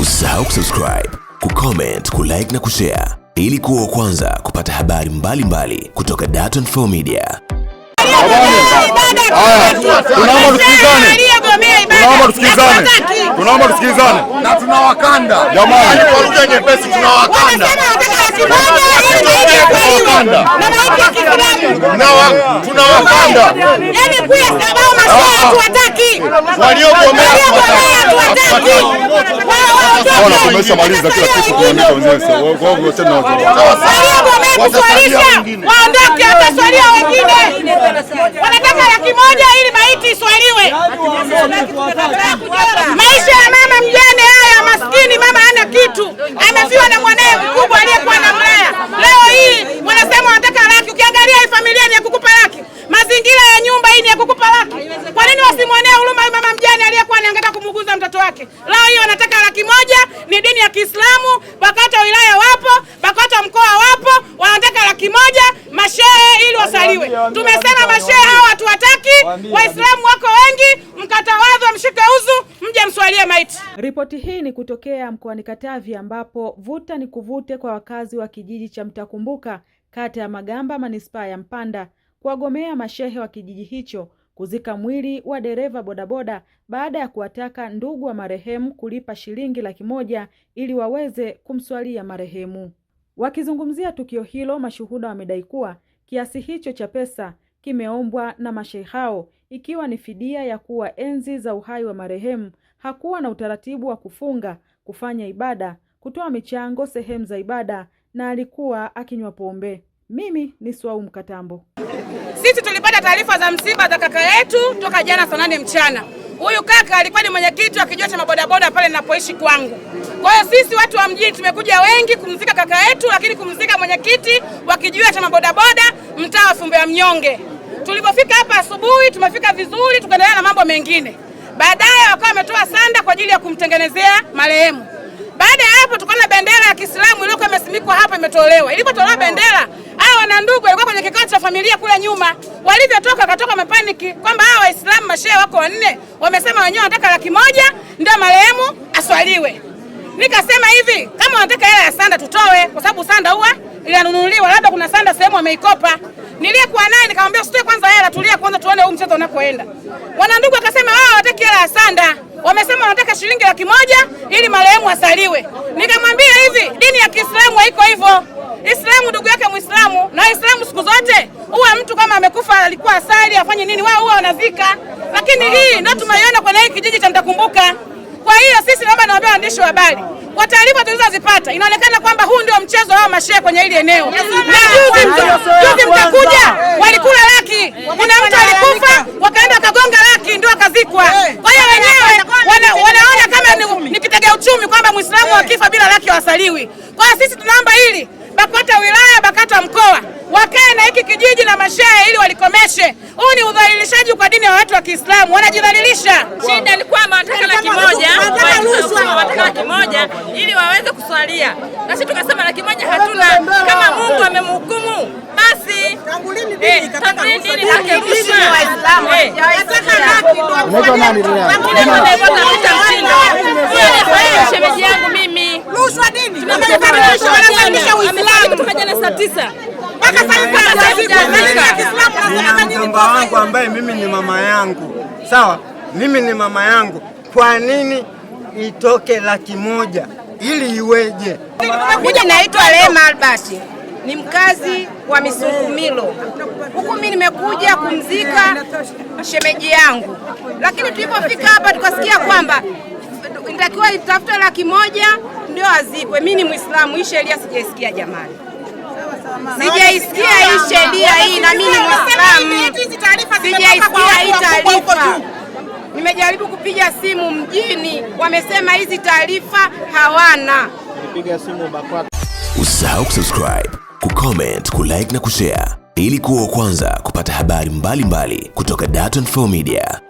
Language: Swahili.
Usisahau kusubscribe, kucomment, kulike na kushare ili kuwa kwanza kupata habari mbalimbali mbali kutoka Dar24 Media. Tunaomba tusikilizane na tunawakanda jamani, kwa lugha nyepesi tunawakanda yaani ah. waliogomea maliza kila kitu, tunaondoka wenyewe. Kwa hivyo tena wamekuswalisha, waondoke, wataswalia wengine. Wanataka laki moja ili maiti iswaliwe. Yaani maisha Waislamu, BAKWATA wilaya wapo, BAKWATA mkoa wapo, wanataka laki moja mashehe ili wasaliwe. Tumesema mashehe hawa hatuwataki, Waislamu wako wengi, mkatawadha, mshike uzu, mje mswalie maiti. Ripoti hii ni kutokea mkoani Katavi ambapo vuta ni kuvute kwa wakazi wa kijiji cha Mtakumbuka kata ya Magamba manispaa ya Mpanda kuwagomea mashehe wa kijiji hicho kuzika mwili wa dereva bodaboda baada ya kuwataka ndugu wa marehemu kulipa shilingi laki moja ili waweze kumswalia marehemu. Wakizungumzia tukio hilo, mashuhuda wamedai kuwa kiasi hicho cha pesa kimeombwa na mashehe hao ikiwa ni fidia ya kuwa enzi za uhai wa marehemu hakuwa na utaratibu wa kufunga, kufanya ibada, kutoa michango sehemu za ibada na alikuwa akinywa pombe. Mimi ni Swau Mkatambo. Sisi tulipata taarifa za msiba za kaka yetu toka jana saa nane mchana. Huyu kaka alikuwa ni mwenyekiti wa kijiwe cha mabodaboda pale ninapoishi kwangu. Kwa hiyo sisi watu wa mjini tumekuja wengi kumzika kaka yetu, lakini kumzika mwenyekiti wa kijiwe cha mabodaboda mtaa wa Fumbe ya Mnyonge. Tulipofika hapa asubuhi, tumefika vizuri, tukaendelea na mambo mengine. Baadaye wakawa wametoa sanda kwa ajili ya kumtengenezea marehemu. Baada ya hapo, tukaona bendera ya Kiislamu iliyokuwa imesimikwa hapa imetolewa. Ilipotolewa bendera hawa wana ndugu walikuwa kwenye kikao cha familia kule nyuma, walivyotoka wakatoka mapaniki kwamba hawa Waislamu mashehe wako wanne wamesema wenyewe wanataka laki moja ndio marehemu aswaliwe. Nikasema hivi, kama wanataka hela ya sanda tutoe, kwa sababu sanda huwa ilianunuliwa, labda kuna sanda sehemu wameikopa. Niliyekuwa naye nikamwambia usitoe kwanza hela, tulia kwanza, tuone huu mchezo unakoenda. Wanandugu akasema wao hawataki hela ya sanda, wamesema wanataka shilingi laki moja ili marehemu asaliwe. Nikamwambia hivi, dini ya Kiislamu haiko hivyo. Islamu ndugu yake Muislamu, na Islamu siku zote huwa mtu kama amekufa alikuwa asali afanye nini, wao huwa wanazika, lakini hii ndio tunaiona kwenye hii kijiji cha Mtakumbuka. Kwa hiyo sisi naomba nawaambia waandishi wa habari kwa taarifa tulizozipata inaonekana kwamba huu ndio mchezo wao mashehe kwenye hili eneo. Juzi mtakuja walikula laki, kuna mtu alikufa wakaenda wakagonga laki ndio akazikwa. Kwa hiyo wenyewe wanaona kama ni kitega uchumi kwamba Muislamu akifa bila laki wasaliwi. Kwa hiyo sisi tunaomba hili BAKWATA wilaya, Bakata mkoa wakae na hiki kijiji na mashehe ili walikomeshe. Huu ni udhalilishaji kwa dini ya watu wa Kiislamu, wanajidhalilisha. Shida ni kwamba wanataka laki moja, wanataka laki moja ili waweze kuswalia, na sisi tukasema laki moja hatuna. Kama Mungu amemhukumu basi shemeji yangu mimi tisa yaani ni mjomba wangu ambaye mimi ni mama yangu, sawa? Mimi ni mama yangu, kwa nini itoke laki moja ili iweje? Nimekuja, naitwa Lema Albashi ni mkazi wa Misukumilo. Huku mimi nimekuja kumzika shemeji yangu, lakini tulipofika hapa tukasikia kwamba inatakiwa itafutwe laki moja ndio azikwe. Mimi ni Mwislamu, hii sheria sijaisikia jamani. Sijaisikia hii sheria hii, na mimi Muislamu, sijaisikia hii taarifa. Nimejaribu kupiga simu mjini, wamesema hizi taarifa hawana. Usisahau kusubscribe, kucomment, kulike na kushare ili kuwa wa kwanza kupata habari mbalimbali mbali kutoka Dar24 Media.